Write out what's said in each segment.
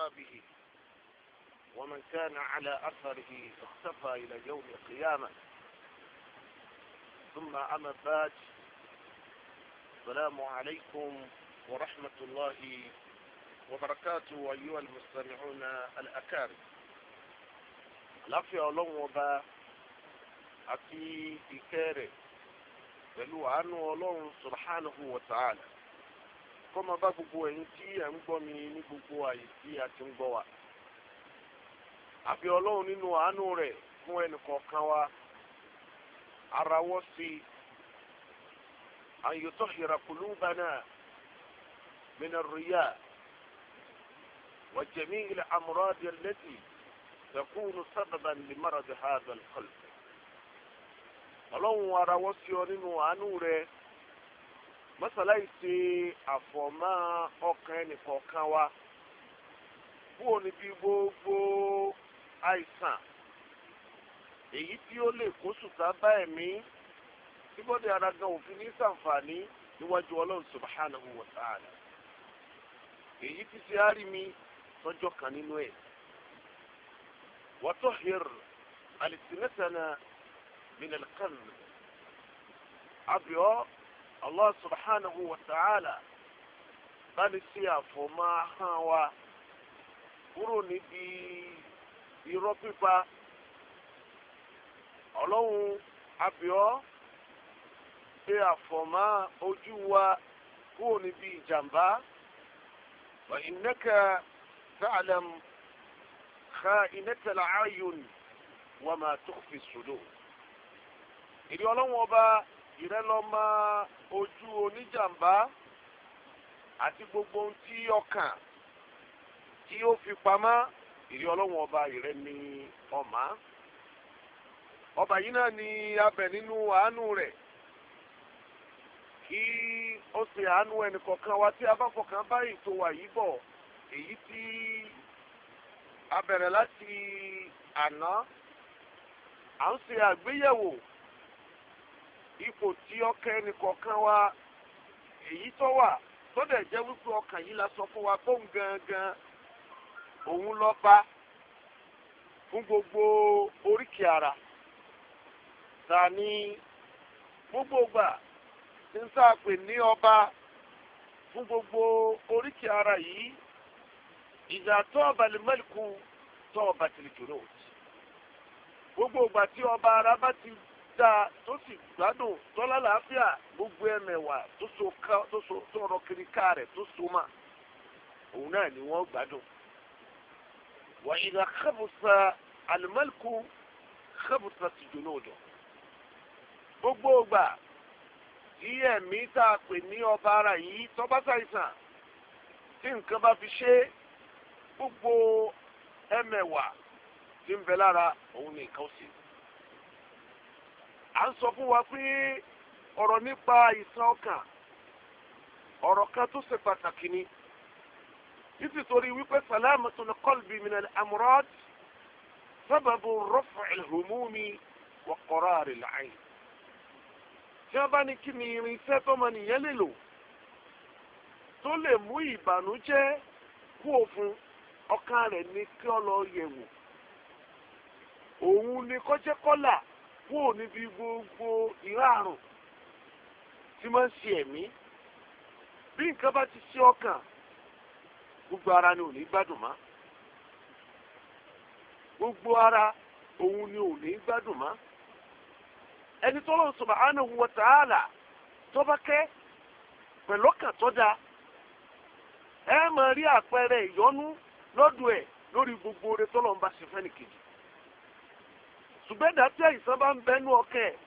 يوصى ومن كان على أثره اختفى إلى يوم القيامة ثم أما بعد السلام عليكم ورحمة الله وبركاته أيها المستمعون الأكارم láfi ọlọ́run ọba àti ìkẹ́ rẹ̀ pẹ̀lú àánú سبحانه وتعالى kó máa bá gbogbo ẹ̀yin tí ẹ̀ ń gbọ́ mi ní gbogbo àyè tí a ti ń gbọ́ wa. àbí ọlọ́run nínú àánú rẹ̀ fún ẹnìkọ̀ọ̀kan wa arawọ́ sí àyòtọ́ ìràkùlù bánà mìnà rìyà wàjẹ̀mí ilẹ̀ àmúrádìí lẹ́tì tẹ̀kúnù sábàbà lè mara bí hàdà kọ́lù. ọlọ́run arawọ́ sí ọ nínú àánú rẹ̀ mọ́sálá yìí ṣe àfọ̀mọ́ ọkàn ẹnìkọ̀ọ̀kan wa fún òní bí gbogbo àìsàn èyí tí ó lè kó sùtá bá ẹ̀mí tí bọ́dẹ̀ ara gan òfin ní sàǹfààní níwájú ọlọ́run subhanahu wa ta'ala èyí tí ṣe á rí mi tọ́jọ́ kan nínú ẹ̀ wọ́tọ̀ hìr alìsínẹ́sẹ̀ náà min al Allah subhanahu wa ta'ala bá ní sí àfọ̀mọ́ ahọ́n wa kúrò níbi irọ́ pípa ọlọ́run abiọ́ ṣe àfọ̀mọ́ ojú wa kúrò níbi ìjàmbá wa innaka ta'lam kha'inata al-ayun wa ma tukhfi as-sudur. ìdí ọlọ́run ọba ìrẹ́lọ́mọ ojú oníjàmbá àti gbogbo ohun tí ọkàn tí ó fi pamọ́ ìrẹ́ ọlọ́wọ́n ọba ìrẹ́ ni ọ̀má ọba yìí náà ni abẹ nínú àánú rẹ̀ kí ó ṣe àánú ẹnìkọ̀ọ̀kan wa tí a bá ètò wa yìí bọ̀ èyí tí a bẹ̀rẹ̀ láti àná à ń ṣe àgbéyẹ̀wò ipò tí ọkàn ẹnìkọ̀ọ̀kan wa èyí tó wà tó dẹ̀ jẹ́ wípé ọkàn yìí la sọ fún wa bóun gangan òun lọ bá fún gbogbo oríkì ara ta ni gbogbo gbà tí ń sáàpè ní ọba fún gbogbo oríkì ara yìí ìjà tó ọba lè mẹ́lìkù tó ọba rò gbogbo tí ọba ara bá ti dáa tó sì gbádùn tó lálàáfíà gbogbo ẹmẹ̀wà tó so ká tó so tó rọ kiri ká rẹ̀ tó so mà òun náà ni wọ́n gbádùn. wà ìlà kábùsà alimẹ́lìkù kábùsà ti jóná ọ̀dọ̀. gbogbo ògbà tí ẹ̀mí tá a pè ní ọba ara yìí tọ́ba ṣàìsàn tí nǹkan bá fi ṣe gbogbo ẹmẹ̀wà tí ń bẹ lára òun ni nǹkan à ń sọ fún wa pé ọ̀rọ̀ nípa àìsàn ọkàn ọ̀rọ̀ kan tó ṣe pàtàkì ni nítorí wípé salamatul qalbi minal amrad sababu raf'il humumi wa qararil ayn tí wọ́n bá ní kí ni irinṣẹ́ tọ́mọnìyàn lè lò tó lè mú ìbànújẹ́ kú òfun ọkàn rẹ̀ ní kí ọ lọ yẹ̀wò òun ni kọjẹ́ kọ́là. kúrò bí gbogbo ìrá àrùn tí máa ń ṣe ẹ̀mí bí nǹkan bá ti ṣe ọkàn gbogbo ara ni gbádùn gbogbo ara òun ni o ní gbádùn ẹni tó lọ́n subhanahu wa ta'ala tó bá kẹ́ pẹ̀lú ọkàn tó dáa ẹ máa rí àpẹẹrẹ ṣùgbọ́n ẹ̀dá tí àìsàn bá ń bẹnu ọkàn ẹ̀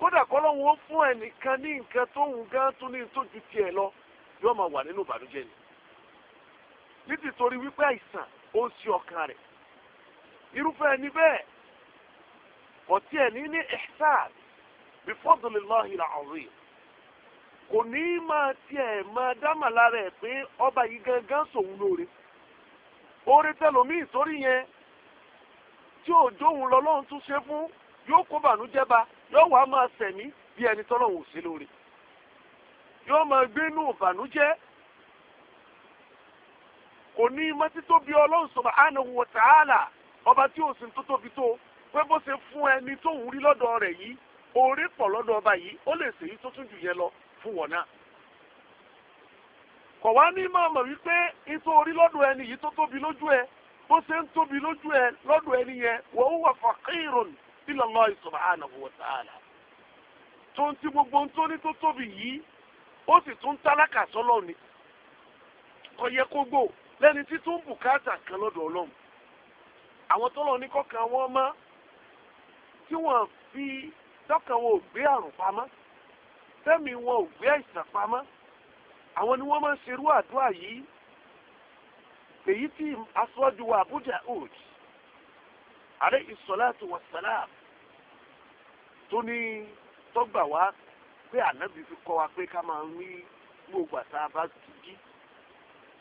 kódà kọ́lọ́hún ó fún ẹnìkan ní nǹkan tó ń gán tún ní tó ju tiẹ̀ lọ yóò máa wà nínú ìbànújẹ́ ni nítorí wípé àìsàn ó ń ṣe ọkàn rẹ̀ irúfẹ́ ẹni bẹ́ẹ̀ kò tiẹ̀ ní ní ihsan bi fadlillahi al-azim kò ní máa tiẹ̀ máa dámà ẹ̀ pé ọba yìí gangan sòun lóore oore tẹlomi ìsórí yẹn tí òjò òun lọ lọ́run tún ṣe fún yóò kó bànújẹ́ ba yóò wá máa sẹ̀mí bí ẹni tọ́lọ́run ò sí lórí yóò máa gbé inú ìbànújẹ́ kò ní mọ́títóbi ọlọ́run subhanahu wa ta'ala ọba tí ò sí tó tóbi tó pé bó ṣe fún ẹni tó ń rí lọ́dọ̀ rẹ̀ yìí oore pọ̀ lọ́dọ̀ ọba yìí ó lè ṣèyí tó tún jù yẹn lọ fún wọn náà kọ̀ wá ní mọ̀ọ́mọ̀ wípé nítorí lọ́dọ̀ ẹni yìí tó tóbi lójú ẹ bó ṣe ń tóbi lójú ẹ lọ́dọ̀ ẹni yẹn wa huwa faqirun ila Allah subhanahu wa ta'ala. tó ń ti gbogbo ń tó ní tó tóbi yìí ó sì tún tálákà sọ́lọ́ ni kò yẹ kó gbò lẹ́ni tí tó ń bùkátà kan lọ́dọ̀ ọlọ́run. àwọn tọ́lọ̀ ní kọ́kàn wọn mọ́ tí wọ́n fi tọ́kàn wọn ò gbé àrùn pamọ́ tẹ́mi wọn ò gbé àìsàn pamọ́ àwọn ni wọ́n máa ń ṣerú àdúrà yìí èyí tí aṣáájú wa Abu Daud alayhi salatu wassalam tó ní tọ́gbà wá pé ànábì fi kọ́ wa pé ká máa ń rí gbogbo àtà bá ti jí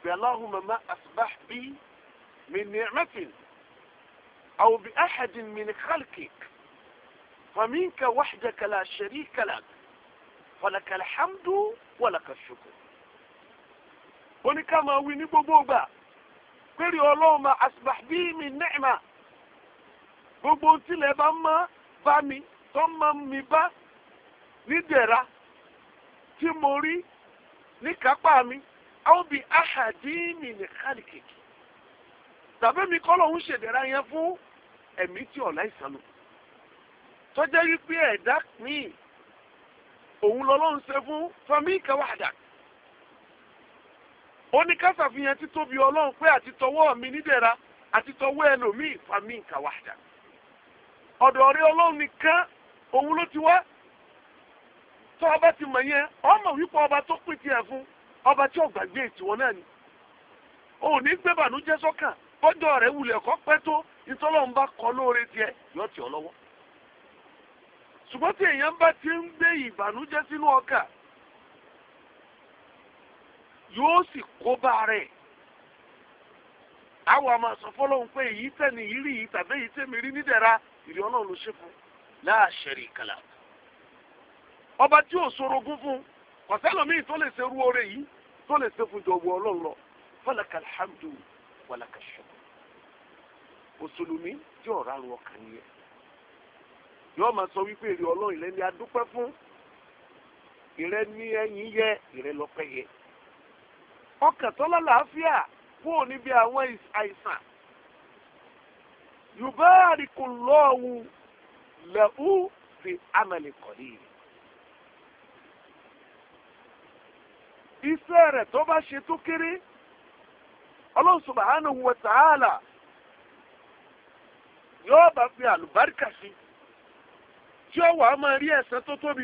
pé Allahumma ma asbahbi min ni'matin aw bi ahadin min khalqik فمنك وحدك لا شريك لك فلك الحمد ولك الشكر ó ní ká máa ní gbogbo ìgbà péré ọlọ́run ma asibahbi mi nẹ́ẹ̀mà gbogbo tilẹ̀ bá mọ́ bá mi tó mọ́ mi bá nídẹ̀ra tí mo rí ní kápá mi àwọn bíi ahadi mi ní kálíkèkì tàbí mi kọ́ lòun ṣèdẹ̀ra yẹn fún ẹ̀mí tí ọ̀la ìsàlù tọ́jà yìí pé ẹ̀dá mi òun lọ́lọ́run ṣe fún fami kẹwàá ó ní ká ṣàfihàn títóbi ọlọ́run pé àtitọ́wọ́ mi nídẹ̀ra àtitọ́wọ́ ẹlòmíì fami nǹkan wàdà ọ̀dọ̀ rẹ ọlọ́run nìkan òun ló ti wá ọba ti mọ̀ ọmọ wípé ọba tó pín tiẹ̀ fún ọba tí ọ̀gbàgbé náà ni òun ní gbé bànújẹ́ sọ́kàn bọ́jọ́ rẹ̀ wulẹ̀ pẹ́ kọ lóore tiẹ̀ yọ lọ́wọ́ ṣùgbọ́n ti ń gbé ìbànújẹ́ sínú yóò sì kó bá rẹ̀ àwọn àmọ́ sọ fọlọ́hún pé èyí tẹ̀lé yìí rí yìí tàbí èyí tẹ̀mí rí nídẹ̀ra ìrì ọlọ́run ló fún láàṣẹrì ọba tí ò sorogún fún kọ̀sẹ́lòmíì tó lè ṣerú oore yìí tó lè ṣe fún ọlọ́run lọ fọlọ́kà alhamdu wàlàkà ṣẹ́kù mùsùlùmí tí ọ̀rá ru ọkàn nìyẹn yóò máa sọ wípé ọlọ́run adúpẹ́ fún yẹ ọkàn tó lálàáfíà kúrò níbi àwọn àìsàn yubariku lọ́ọ̀wù lẹ́hù fi amẹ̀lẹ̀ kọ̀lí. iṣẹ́ rẹ̀ tó bá ṣe tó kéré Allah subhanahu wa ta'ala yóò bá fi àlùbáríkà sí tí ó wàá máa rí ẹ̀san tó tóbi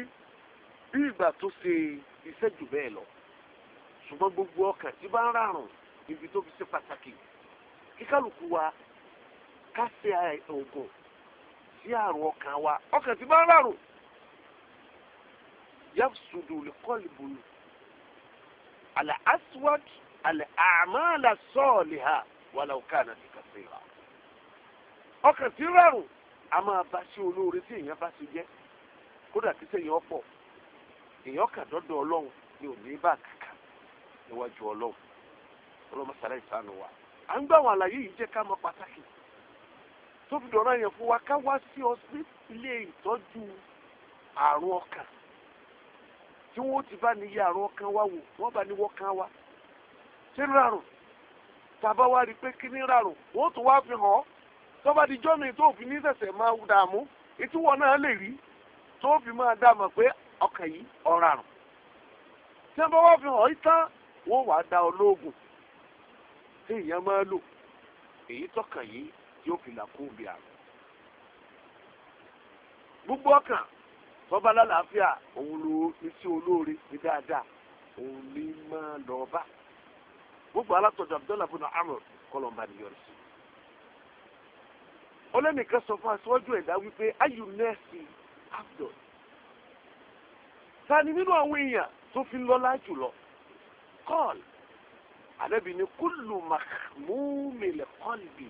bí ìgbà tó ṣe iṣẹ́ jù bẹ́ẹ̀ lọ ṣùgbọ́n gbogbo ọkàn tí bá ń rárùn ibi tó fi ṣe pàtàkì kíkálukú wa ká ṣe oògùn sí àrùn ọkàn wa ọkàn tí bá ń rárùn yafsudu likọlibu ala aswad ala amala sọọliha wàlà òkàna ti kàṣeera ọkàn tí ń a máa bá ṣe olóore tí èèyàn bá ṣe jẹ kódà kí sẹ́yìn ọ̀pọ̀ èèyàn kà dọdọ Ọlọ́run ni ò ní bá kàkà. níwájú ọlọ́run ọlọ́mọsàlẹ̀ ìsànù wa à ń gbà wọn àlàyé yìí jẹ́ ká mọ pàtàkì tó fi dọ̀rọ̀ yẹn fún wa ká wá sí ilé ìtọ́jú àrùn ọkàn tí wọ́n ti bá ní àrùn ọkàn wa wò wọ́n bá ní wa ṣé ń rárùn tàbá wá rí i pé kí ní rárùn wọ́n tún wá fi hàn di jọ́mi tó fi ní sẹ̀sẹ̀ máa dààmú náà lè rí tó fi máa dààmú pé ọkàn yìí wọ́n wàá da olóògùn tí ìyẹn máa lò èyí tọkàn yìí yóò fi là kú bí àrùn. gbogbo ọkàn tọ́ba lálàáfíà òun lo iṣẹ́ olóore ní dáadáa òun ní máa lọ bá gbogbo alátọ̀jọ abdullahi bin amr kọlọmba ni yọrí sí. olónìkan sọ fún aṣíwájú ẹ̀dá wípé ayu nẹ́ẹ̀sì abdul ta ni nínú àwọn èèyàn tó fi lọ́lá jùlọ kọ́ọ̀l ànábì ní kúlù màmúmìlẹ̀ kọ́ọ̀lì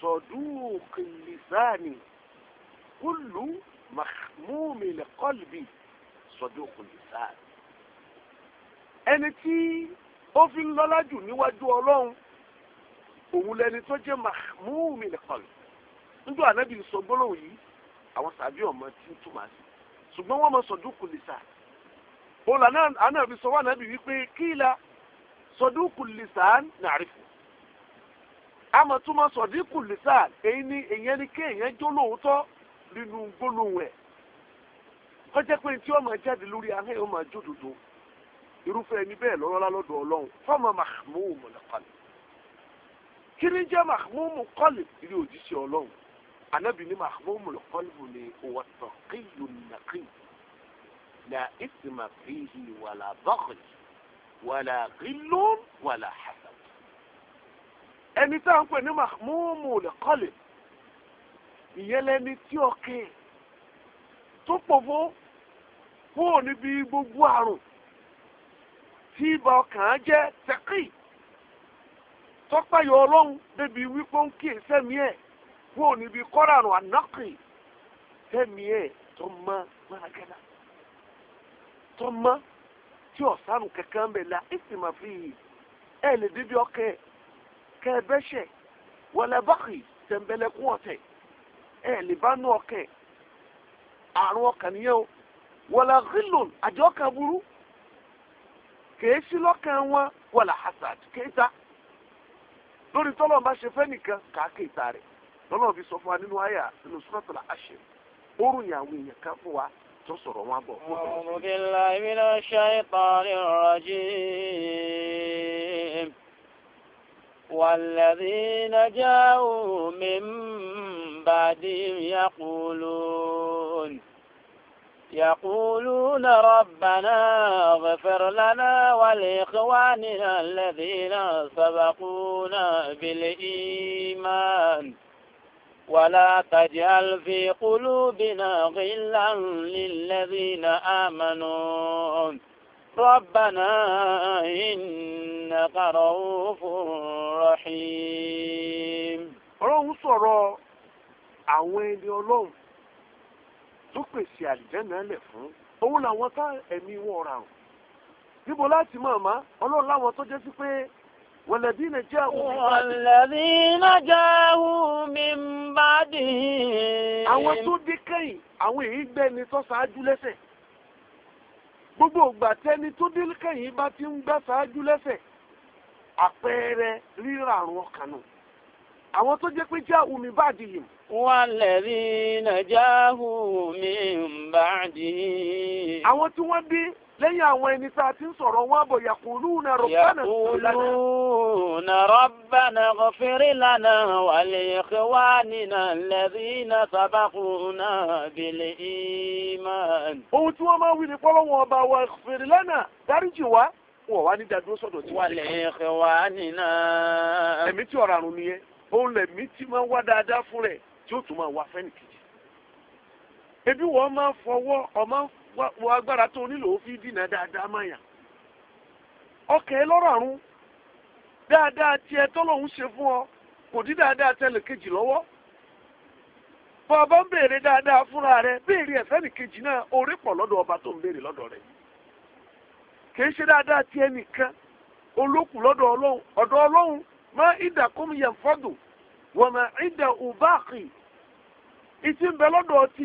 sọ̀dúùkì lìsáàni kúlù màmúmìlẹ̀ kọ́ọ̀lì sọ̀dúùkì lìsáàni. ẹni tí ó fi ń lọ́lá jù níwájú ọlọ́run òun lẹni tó jẹ́ màmúmìlẹ̀ kọ́ọ̀lì nígbà ànábì sọ gbólóhùn yìí àwọn sàbí ọmọ tí ń túmọ̀ sí ṣùgbọ́n wọ́n mọ òun lànà àná fi sọ wà nábì wípé kíla sọdúkù lìsàn nàrífù àmọ́ túmọ̀ sọdúkù lìsàn èyí ni èyàn ni kéèyàn jó lóòótọ́ nínú gbólóhùn ẹ̀ kọjá pé tí ó máa jáde lórí ahẹ́ ó máa jó dodo irúfẹ́ ẹni bẹ́ẹ̀ lọ́rọ́ lálọ́dọ̀ ọlọ́run fọ́ọ̀mù mahmumu lẹ́kọ̀ọ́lẹ̀ kí ni jẹ́ mahmumu kọ́lì ilé òjíṣẹ́ ọlọ́run anábì ní mahmumu lẹ́kọ̀ọ́lì ni òwò tọ̀kì yòónàkì yìí la isma fihi wàlà bọ́ọ̀lì wàlà ghillun wàlà hasad. ẹni tá à ń pè ní mahmumul qalb ìyẹn lẹni tí ọkẹ́ tó pòfó kúrò níbi gbogbo àrùn tí ibà ọkàn jẹ́ tẹ́kì tọ́pẹ́yọ ọlọ́run débi wípé ń kíyè sẹ́mi ẹ̀ kúrò níbi kọ́ràrùn ànákì sẹ́mi ẹ̀ tó mọ́ mọ́ra kẹ́lá tó mọ́ tí ọ̀sán kankan bẹ̀ la èsì máa fi yìí ẹ̀ lè débi ọkẹ́ kẹ́ ẹ bẹ́ṣẹ̀ wọlé bákì tẹ̀m̀bẹ̀lẹ̀kún ọ̀tẹ̀ ẹ̀ lè bá nú ọkẹ́ àrùn ọkàn nìyẹn o wọlé rílùn àjọ kan burú kèé sí lọ́kàn wọn wọlé hasad kéta lórí tọ́lọ̀ bá ṣe fẹ́ nìkan kàá kéta rẹ̀ lọ́nà òbí sọ fún wa nínú àyà nínú suratul Hashr ó ròyìn àwọn èèyàn kan fún wa tó sọ̀rọ̀ wọn bọ̀. A'udhu billahi minash shaytanir rajim. Walladhina ja'u min ba'dihim yaqulun. يقولون ربنا اغفر لنا ولإخواننا الذين سبقونا بالإيمان ولا تجعل في قلوبنا غلا للذين آمنوا ربنا إنك رؤوف رحيم ọlọ́run sọ̀rọ̀ àwọn ẹni ọlọ́run tó pèsè àlìjẹ́nà ẹlẹ̀ fún òun làwọn tá ẹ̀mí wọn rà níbo láti mọ̀ má ọlọ́run láwọn tó jẹ́ sí pé والذين جاءوا والذين جاءوا من بعدهم to tó dé kẹ́yìn àwọn èyí gbẹ́ni tó ṣáájú lẹ́sẹ̀ gbogbo ìgbà tẹ́ni tó dé kẹ́yìn bá ti ń gbá ṣáájú lẹ́sẹ̀ àpẹẹrẹ rírà àrùn ọkàn nù àwọn tó jẹ́ pé ja'u min ba'dihim. والذين جاءوا من بعدهم. àwọn tí wọ́n dé lẹ́yìn àwọn ẹni tá a ti ń sọ̀rọ̀ wọn bọ̀ yaquluna rabbana. yaquluna rabbana ighfir lana wa li ikhwanina alladhina sabaquna bil iman. ohun tí wọ́n máa ń wí ni fọlọ́wọ́n ọba wa ighfir lana dáríjì wá wọ̀ wá ní dàdúró sọ̀dọ̀ tí wọ́n lè. wa li ikhwanina. ẹ̀mí tí ọ̀rọ̀ àrùn ebi wọ́n máa ń wo agbára tó nílò fi dínà dáadáa máyà ọkẹ́ lọ́rọ̀ dáadáa tiẹ̀ tọ́lọ́hún ṣe fún ọ kò dí dáadáa tẹlẹ̀ kejì lọ́wọ́ bọ́ ọba ń béèrè dáadáa fúnra rẹ béèrè ẹ̀fẹ́ nìkejì náà orí pọ̀ lọ́dọ̀ ọba tó ń béèrè lọ́dọ̀ rẹ ṣe dáadáa tiẹ̀ nìkan olókù lọ́dọ̀ ọ̀dọ̀ ìdà yẹn fọ́dù ìdà òbáàkì ìtì ń bẹ lọ́dọ̀ ọtí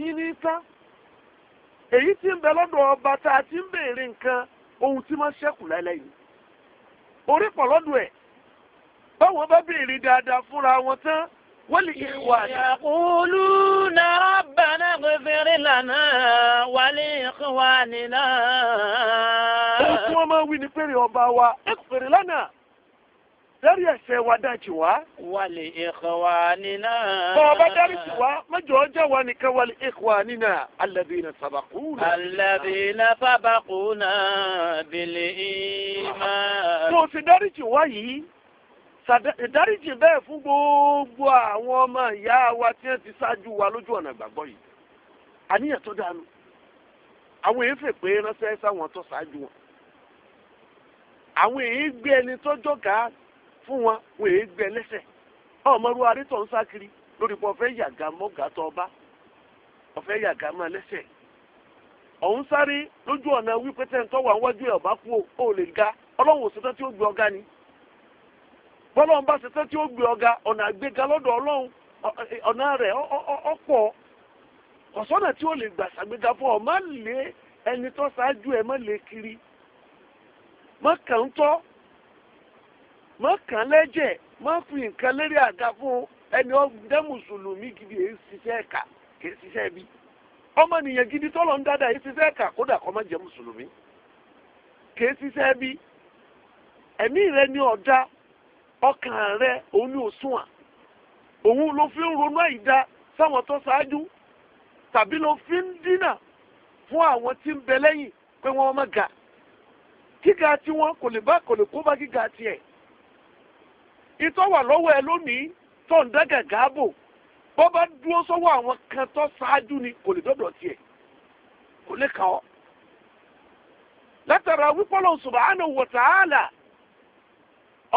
èyí tí ń bẹ lọ́dọ̀ ọba tá a ti ń béèrè nǹkan ohun tí máa ń ṣẹ́kù lẹ́lẹ́yìn orí pọ̀ lọ́dọ̀ ẹ̀ báwọn bá béèrè dáadáa fúnra wọn tán wọ́n lè yẹ wà ní. ìyàkùlù náà bàná gbèfèrè lànà wálé ìkọwà nínà. ohun tí wọ́n máa ń wí ni pé ọba wa ẹ̀kọ́ fèrè lánàá dárí ẹ̀ṣẹ̀ wa dá jì wá. wàlẹ̀ ikhwanina. bọ́ ọ bá dárí jì wá mẹ́jọ ọjọ́ wa nìkan wàlẹ̀ ikhwanina alladhina sabaquna. alladhina sabaquna bil iman. tó o ti dárí jì wá yìí ìdáríjì bẹ́ẹ̀ fún gbogbo àwọn ọmọ ìyá wa tí wọ́n ti ṣáájú wa lójú ọ̀nà ìgbàgbọ́ yìí àníyàn tó dánu àwọn èyí fè pé ránṣẹ́ sáwọn tó ṣáájú wọn àwọn èyí gbé ẹni tó jọ̀gá fún wọn wọn gbẹ lẹ́sẹ̀ ọmọrú arítọ̀ ń sá lórí pé ọ̀fẹ́ yàgá mọ́gà tó ọba ọ̀fẹ́ yàgá máa lẹ́sẹ̀ ọ̀hún sáré lójú ọ̀nà wípé tẹ́ǹtọ́ wà wájú ẹ̀ ọba kú ó lè ga ọlọ́run òṣètọ́ tí ó gbé ọga ni bọ́lọ́run bá ṣetán tí ó gbé ọga ọ̀nà àgbéga lọ́dọ̀ ọlọ́run ọ̀nà rẹ̀ ọ̀pọ̀ ọ̀sọ́nà tí ó lè gbà ṣàgbéga fún ọ má lé ẹni tó ṣáájú ẹ má kiri mọ kàn lẹ́jẹ̀ mọ fi nǹkan lérí àga fún ẹni ọdẹ mùsùlùmí gidi èyí ṣiṣẹ́ ẹ̀ka kì í ṣiṣẹ́ bí ọmọnìyàn gidi tọ́lọ̀ ń dáadáa èyí ṣiṣẹ́ ẹ̀ka kódà kọ́ má mùsùlùmí kì í ṣiṣẹ́ bí ẹ̀mí rẹ ni ọ̀dá ọkàn rẹ òun ni òṣùwà òun ló fi ń ronú àìdá sáwọn tó ṣáájú tàbí ló fi ń dínà fún àwọn tí ń bẹ lẹ́yìn pé wọ́n má ga gíga tiwọn kò lè bá kò lè kó bá gíga tiẹ̀ ìtọ́ wà lọ́wọ́ ẹ lónìí tó ń dẹ́gẹ̀ gáàbò bó bá dúró sọ́wọ́ àwọn kan tó ṣáájú ni kò lè dọ́dọ̀ tiẹ̀ kò lè kàn ọ́. látara wípé Ọlọ́hun subhanahu wa ta'ala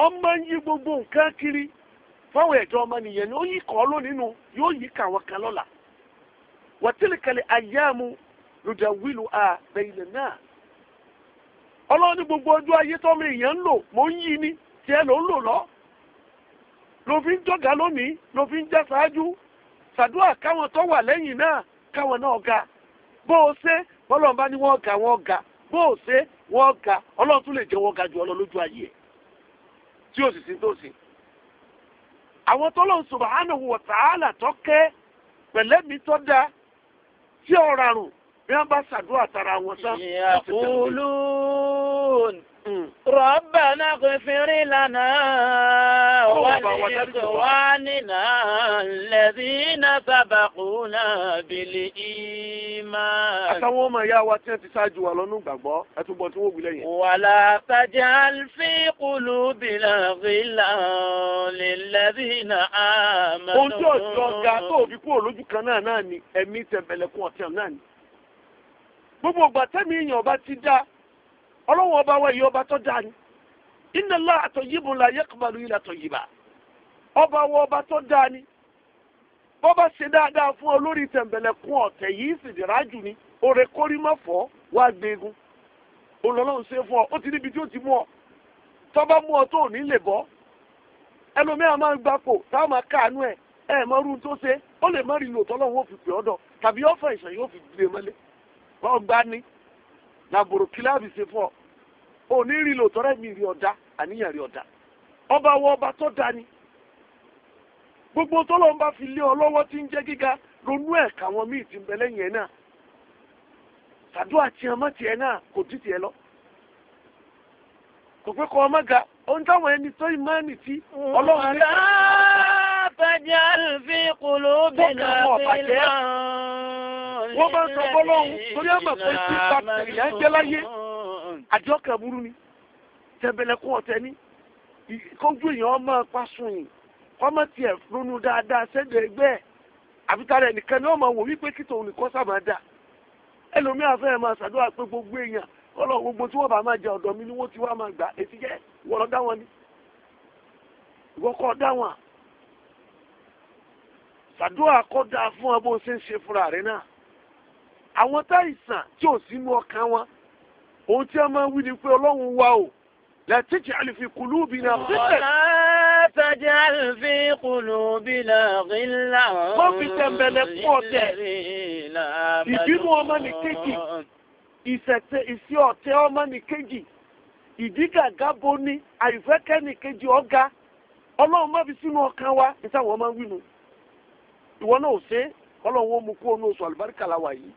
ọmọ ń yí gbogbo nǹkan kiri fáwọn ẹ̀dọ́ ọmọnìyàn ni ó yí kọ́ lónìí nu yóò yí kà wọ́n kan lọ́la. wa tilka al-ayyamu nudawiluha bayna an-nas. gbogbo ọjọ́ ayé tọ́mọ èèyàn ń lò mò ń yí ni tiẹ̀ ló ń lò lọ́ọ́ ló fi ń jọ̀gá lónìí ló fi ń já ṣáájú ṣàdúrà káwọn tó wà lẹ́yìn náà káwọn náà ga bó o ṣe bọ́lọ̀ bá ní wọ́n ga wọ́n ga bó o ṣe wọ́n ga ọlọ́run tún lè jẹ́ wọ́n ga jù ọlọ́ lójú ayé ẹ̀ tí o sì sí tó sì. àwọn tó lọ́n subhanahu wa ta'ala tó kẹ́ pẹ̀lẹ́mí tó dáa tí ọ̀rọ̀ àrùn bí wọ́n bá ṣàdúrà tara wọn sá. ìyàpò lóòrùn. ربنا اغفر لنا ولإخواننا الذين سبقونا بالإيمان. àtàwọn ọmọ ìyá wa tí ti ṣáájú wa lọ́nù gbàgbọ́ ẹ tún bọ̀ tí wọ́n wulẹ̀ yẹn. ولا تجعل في قلوبنا غلا للذين آمنوا. ohun tí ọjọ́ ga tó fi kúrò lójú kan náà náà ni ẹ̀mí tẹ̀m̀bẹ̀lẹ̀kùn ọ̀tẹ̀ náà ni. gbogbo ìgbà tẹ́mi èèyàn bá ti dá. ọlọ́wọ́n ọba wa yìí ọba tó dáa ni inna Allah àtọ̀yìnbó la yaqbalu illa tayyiba ọba wa ọba tó ni bọ́ba ṣe dáadáa fún ọ lórí kún ọ̀tẹ̀ yìí sì dìrà jù ni òrè má fọ́ wá ṣe fún ọ ó ti níbi tí ó ti mú ọ gbapò táwọn máa ẹ ẹ mọ irú tó ṣe ó lè lò ó fi pè ọ́ dọ̀ tàbí fi gbé e òní rí lò mi rí ọ̀dá àníyàn ọ̀dá ọba wọ ọba tó da ni gbogbo tọ́lọ́ ń bá fi lé ọ lọ́wọ́ tí ń jẹ́ gíga ronú ẹ̀ káwọn míì ti ń bẹ lẹ́yìn ẹ̀ náà tàdúrà tiẹ̀ mọ́ ẹ̀ náà kò dí tiẹ̀ lọ kò pé kọ́ ọmọ ga ohun táwọn ẹni tó ìmánì tí ọlọ́run ní. àjọkẹ́ burú ni tẹ̀bẹ̀lẹ̀kún ọ̀tẹ̀ ni kójú èèyàn ọmọ pasun yìí kọ́mọ tiẹ̀ ronú dáadáa sẹ́dọ̀ ẹgbẹ́ ẹ̀ àbítalẹ̀ nìkan ni wọ́n máa wò wípé kí tòun nìkan sábà dà ẹlòmíà fẹ́ẹ́ máa ṣàdúrà pé gbogbo èèyàn kọ́lọ̀ gbogbo tí wọ́n bá máa jẹ ọ̀dọ̀ mi ni wọ́n ti wá máa gbà èsì jẹ́ wọ́n dá wọn ni ìwọ́n kọ́ dá wọn ṣàdúrà kọ́ dáa fún ọ bó ṣe ń ṣe fúnra rẹ̀ náà àwọn táìsàn tí ò sínú ọkàn wọn ohun tí a máa ń wí ni pé ọlọ́run wa o la taj'al fi qulubina ghillan. la taj'al fi qulubina ghillan. wọ́n fi tẹ̀m̀bẹ̀lẹ̀ pọ̀ tẹ̀. ìbínú ọmọnìkejì ìṣẹ̀tẹ̀ ìṣe ọ̀tẹ̀ ọmọnìkejì ìdígàgá boni àìfẹ́kẹ́nìkejì ọ̀gá ọlọ́run má fi sínú ọkàn wa ìtàwọn máa ń wí nu ìwọ náà ò ṣe ọlọ́run ó mú kó o ní oṣù àlùbáríkà láwa yìí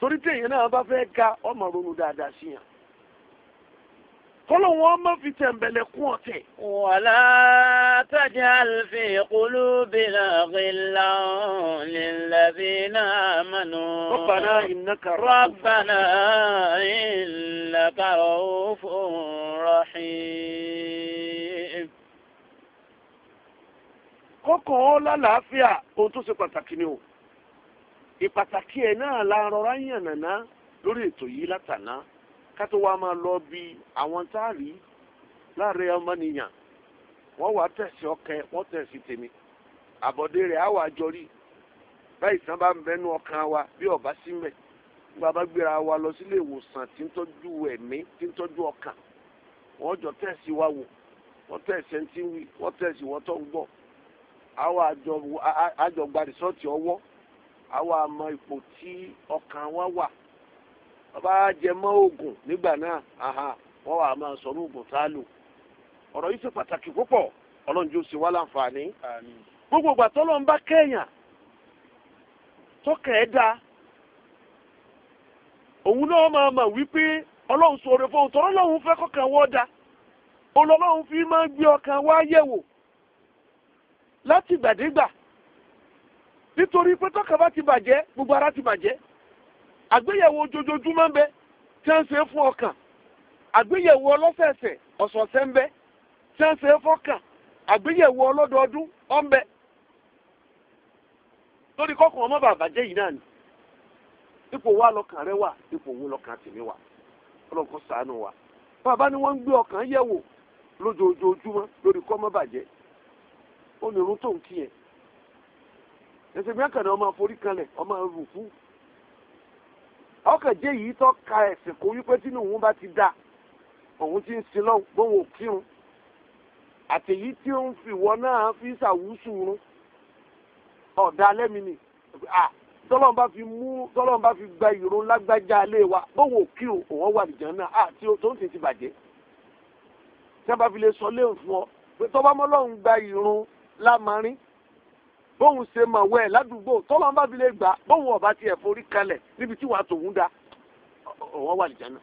torí tí èèyàn náà bá fẹ́ ga ọmọ ronú dáadáa sí yàn kọ́lọ̀ wọn fi tẹ̀m̀bẹ̀lẹ̀ kún ọ̀tẹ̀. wàlá taj'al fi qulubina ghillan lilladhina amanu. rabbana innaka rabbana innaka raufun rahim. kọ́kọ́ ọ́ lálàáfíà ohun tó ṣe pàtàkì ni o ìpàtàkì ẹ̀ náà la rọra yàn nàná lórí ètò yìí látàná ká tó wá máa lọ bí àwọn tá a rí láàrin ọmọnìyàn wọ́n wá tẹ̀sí ọkẹ wọ́n tẹ̀sí tèmi àbọ̀dé rẹ̀ á wà jọrí báyìí sàn bá ń bẹnu ọkàn wa bí ọba sí mẹ́ nígbà bá gbéra wa lọ sílé ìwòsàn tí ń tọ́jú ẹ̀mí tí ń tọ́jú ọkàn wọ́n jọ tẹ̀sí wa wò wọ́n tẹ̀sí ẹni wí wọ́n tẹ̀sí wọ́n tó ń gbọ́ àwọn àjọ gba rìsọ́ọ̀tì ọwọ́ àwa àmọ ipò tí ọkàn wa wà bàbá jẹmọ́ oògùn nígbà náà aha wọn wà máa sọ ní oògùn tá a lò ọrọ yìí ṣe pàtàkì púpọ̀ ọlọ́njọ́ sì wá láǹfààní gbogbo ìgbà tọ́lọ́ ń bá tọ́kẹ̀ ẹ́ dáa òun náà máa mà wípé ọlọ́run sọ̀rọ̀ fún da fi máa gbé ọkàn wá yẹ̀wò nítorí pé tọ́kàn bá ti bàjẹ́ gbogbo ara ti bàjẹ́ àgbéyẹ̀wò ojoojúmọ́ ń bẹ tí wọ́n ń ṣe fún ọkàn àgbéyẹ̀wò ọlọ́sẹ̀ẹ̀sẹ̀ ọ̀sọ̀ọ̀sẹ̀ ń bẹ tí wọ́n ń ṣe fọ́kàn àgbéyẹ̀wò ọlọ́dọọdún ọ̀ ń bẹ lórí kọ́kàn ọmọ bàbá jẹ́ yìí náà ni ipò wa lọ́kàn rẹ wà ipò òun lọ́kàn tèmi wà ọlọ́kàn ṣàánú wa bàbá ni wọ́n ń gbé ọkàn yẹ̀wò lójoojúmọ́ lórí kọ́mọ́ onírun tó ń kí ẹsẹ̀ bí akànnà ọmọ àforí kanlẹ̀ ọmọ rù fún ọkàn jẹ́ yìí tó ka ẹ̀sìn kó wípé tínú òun bá ti da òun ti ń sin lọ́wọ́ gbóhùn òkírun àtẹ̀yí tí ó ń fìwọ́ náà fi ṣàwùsù rún ọ̀dà lẹ́mi ni tọ́lọ́n bá fi mú tọ́lọ́n bá fi gba ìrún lágbájá alẹ́ wa bóun ò kí òun wà nìjàn náà à tí tó ń tì ti bàjẹ́ tí wọ́n bá fi lè sọ léèfún ọ pé tọ́ba mọ́lọ́run gba ìrún lámarín bóun ṣe mọ̀ wẹ̀ ládùúgbò tọ́lọ́n bá fi lè gbà bóun ọ̀bá tiẹ̀ forí kalẹ̀ níbi tí wàá tòun da ọ̀wọ́ wà lìjà náà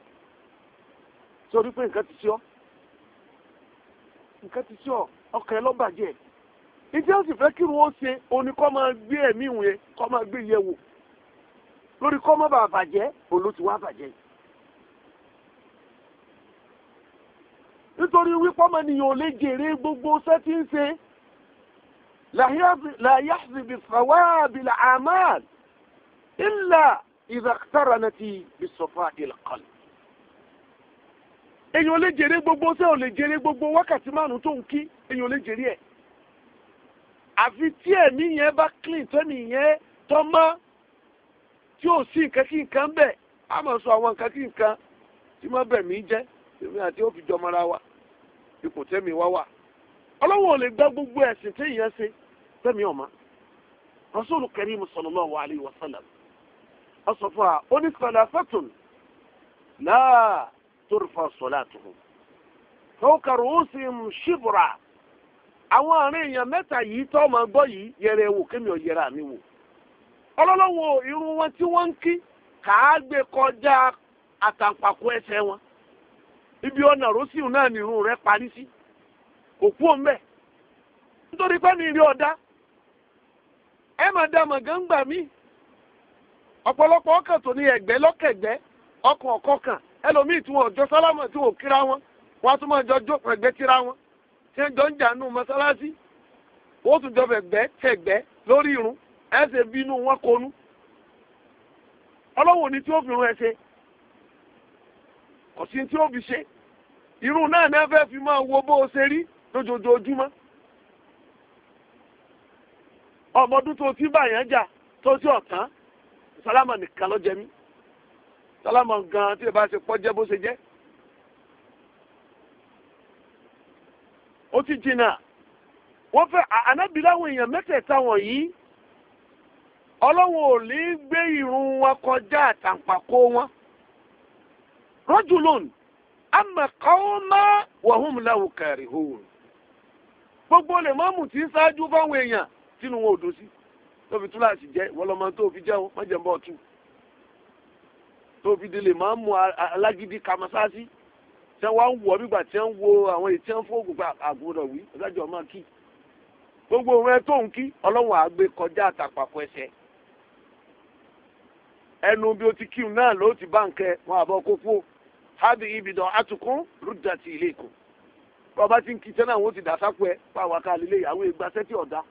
sórí pé nǹkan ti ṣe ọ́ nǹkan ti ṣe ọ́ ọkàn ẹ lọ́ bàjẹ́ ìdí ó sì fẹ́ kí wọ́n ṣe oní kọ́ máa gbé ẹ̀mí ìwé kọ́ máa gbé yẹ̀wò lórí kọ́ má bàa bàjẹ́ òun ti wá bàjẹ́ yìí. nítorí wípé ọmọ ènìyàn ò lè jèrè gbogbo iṣẹ́ ń ṣe لا يحظي بثواب الأعمال إلا إذا اقترنت بصفاء القلب èyàn lè jèrè gbogbo ṣé ò lè jèrè gbogbo wákàtí márùn tó ń kí èyàn lè jèrè ẹ àfi tí ẹ̀mí yẹn bá clean tẹ́mi yẹn tọ́ mọ́ tí ò sí nǹkan kí nǹkan bẹ̀ á máa sọ àwọn nǹkan kí nǹkan tí má bẹ̀ mí jẹ́ èmi àti ó fi wa ipò tẹ́mi wá wà ọlọ́wọ́n ò lè gbá gbogbo ẹ̀sìn téèyàn ṣe tẹ́mi ọ̀ma rasulu karim sallallahu alayhi wa ọ asọ̀fọ̀ a ó ní salafatun láà turfa salatuhum fawqa àwọn àárín èèyàn mẹ́ta yìí tó gbọ́ yìí yẹrẹ irun wọn tí wọ́n ń kí gbé kọjá ẹ máa dá mọ̀ gan gbà mí ọ̀pọ̀lọpọ̀ ọkàn tó ní ẹgbẹ́ lọ́kẹ̀gbẹ́ ọkàn ọ̀kọ̀ọ̀kan ẹlòmíì tí wọn ò jọ tí wọn ò kíra wọn wọn á tún máa jọ jókòó ẹgbẹ́ tíra wọn tí wọn jọ ń jà mọ́sálásí wọn ó tún jọ fẹ̀gbẹ́ tẹ̀gbẹ́ lórí irun ẹsẹ̀ bínú wọn ọlọ́wọ́n ni tí ọmọdún tó ti báyàn jà tó ti ọ̀tán sálámà nìkan ló jẹ mí sálámà gan tí ìbá ṣe pọ́ jẹ́ bó ṣe jẹ́ ó ti jìnnà wọ́n fẹ́ ànábì láwọn èèyàn mẹ́tẹ̀ẹ̀ta wọ̀nyí ọlọ́wọ́ ò ní gbé irun wọn kọjá àtàǹpàkò wọn rọ́jùlọ́n àmọ́ má wàhùn láwùkàrí hù gbogbo lè mọ́mù tí ń ṣáájú fáwọn èèyàn tínú wọn ò dùn sí tó fi túláàsì jẹ wọn lọmọ tó fi jẹun má jẹun bọ tù tó fi délé máa ń mu alágídí kàmásáàsì tí wọn wọ nígbà tí wọn wo àwọn èyí tí wọn fún ògùn àgùnrọ wí ọdájọ máa kí gbogbo òun ẹ tó ń kí ọlọ́wọ́n àgbẹ̀ kọjá àtàpàpọ̀ ẹsẹ̀ ẹnu bí o ti kírun náà ló ti bá nkẹ wọn àbọ̀ kókó hábì ibìdàn atukún rúdà ti ilé ìkó bọ́ọ̀ bá ti ń kí tẹ́lẹ̀ àwọn ó ti dà sápò ẹ pàwọn àkàlẹ́ lè yàwó ìgbàsẹ́ tí ọ̀dà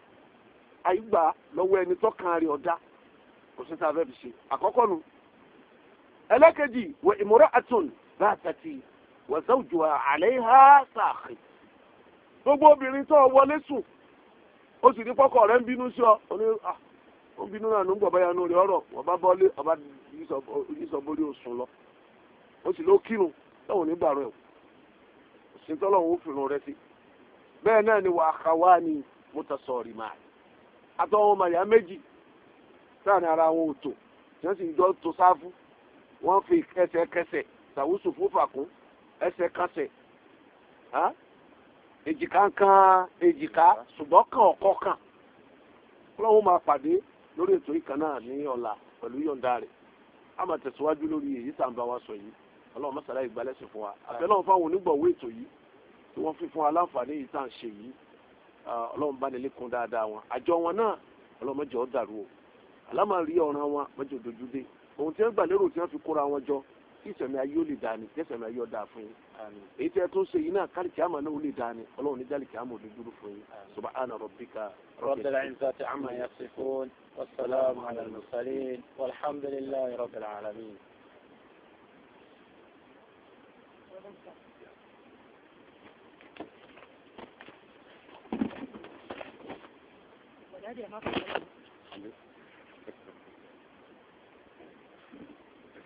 àyígbà lọ́wọ́ ẹni tọ́kàn rẹ̀ ọ̀dá kò sí tá a ṣe àkọ́kọ́ nu ẹlẹ́kejì wọ ìmúra àtún bá a tàtí wọ sọ́jú àlẹ́ ha sàkè gbogbo obìnrin tó wọlé sùn ó sì ní pọ́kọ rẹ̀ ń bínú sí ọ ó ní ó ń bínú náà ló ń gbọ̀ báyà nù rẹ̀ ọ̀rọ̀ wọ́n bá bọ́lé ọba yíṣọ borí òsùn lọ ó sì ló kírun lọ́wọ́n ní bàrọ̀ ẹ̀ òsìntọ́lọ́wọ́n ó fìrun rẹ sí bẹ́ẹ̀ náà ni wàá kàwá ni mo tà sọ̀rì máa àtọwọn ọmọ ìyá méjì sáàrin ara wọn ò tò tí wọ́n sì ń jọ tó sáfù wọ́n fi ẹsẹ̀ kẹsẹ̀ sàwùsù fúnfà kún ẹsẹ̀ kẹsẹ̀ èjìká kan èjìká ṣùgbọ́n kan ọ̀kọ́ kan ọlọ́run máa pàdé lórí ètò ìkan náà ní ọ̀la pẹ̀lú yọ̀ǹda rẹ̀ a máa tẹ̀síwájú lórí èyí tá à ń bá wa sọ yìí ọlọ́run mọ́sálá ìgbàlẹ́sìn fún wa àbẹ̀lọ́run fáwọn onígbọ̀wọ́ ètò yìí tí wọ́n fi fún wa láǹfààní èyí tá à ń ṣe yìí ọlọ́run bá nílé kún dáadáa wọn àjọ wọn náà ọlọ́run mọ́jọ dàrú o àlámà rí ọ̀ràn wọn mọ́jọ dojú dé tí wọ́n gbà lérò tí wọ́n fi kóra wọn jọ kí ìsẹ̀mí ayé ó lè dáa kí ìsẹ̀mí ayé ó fún yín èyí tí ẹ tún ṣe yìí náà káàlì kìámà náà ó lè dáa ọlọ́run ní jáàlì kìámà ò dúró fún yín subahana rabbika. rabbil izzati amma ala al-mursalin walhamdulillahi rabbil alamin. Àdájẹ́ má kọ̀ọ̀lọ́.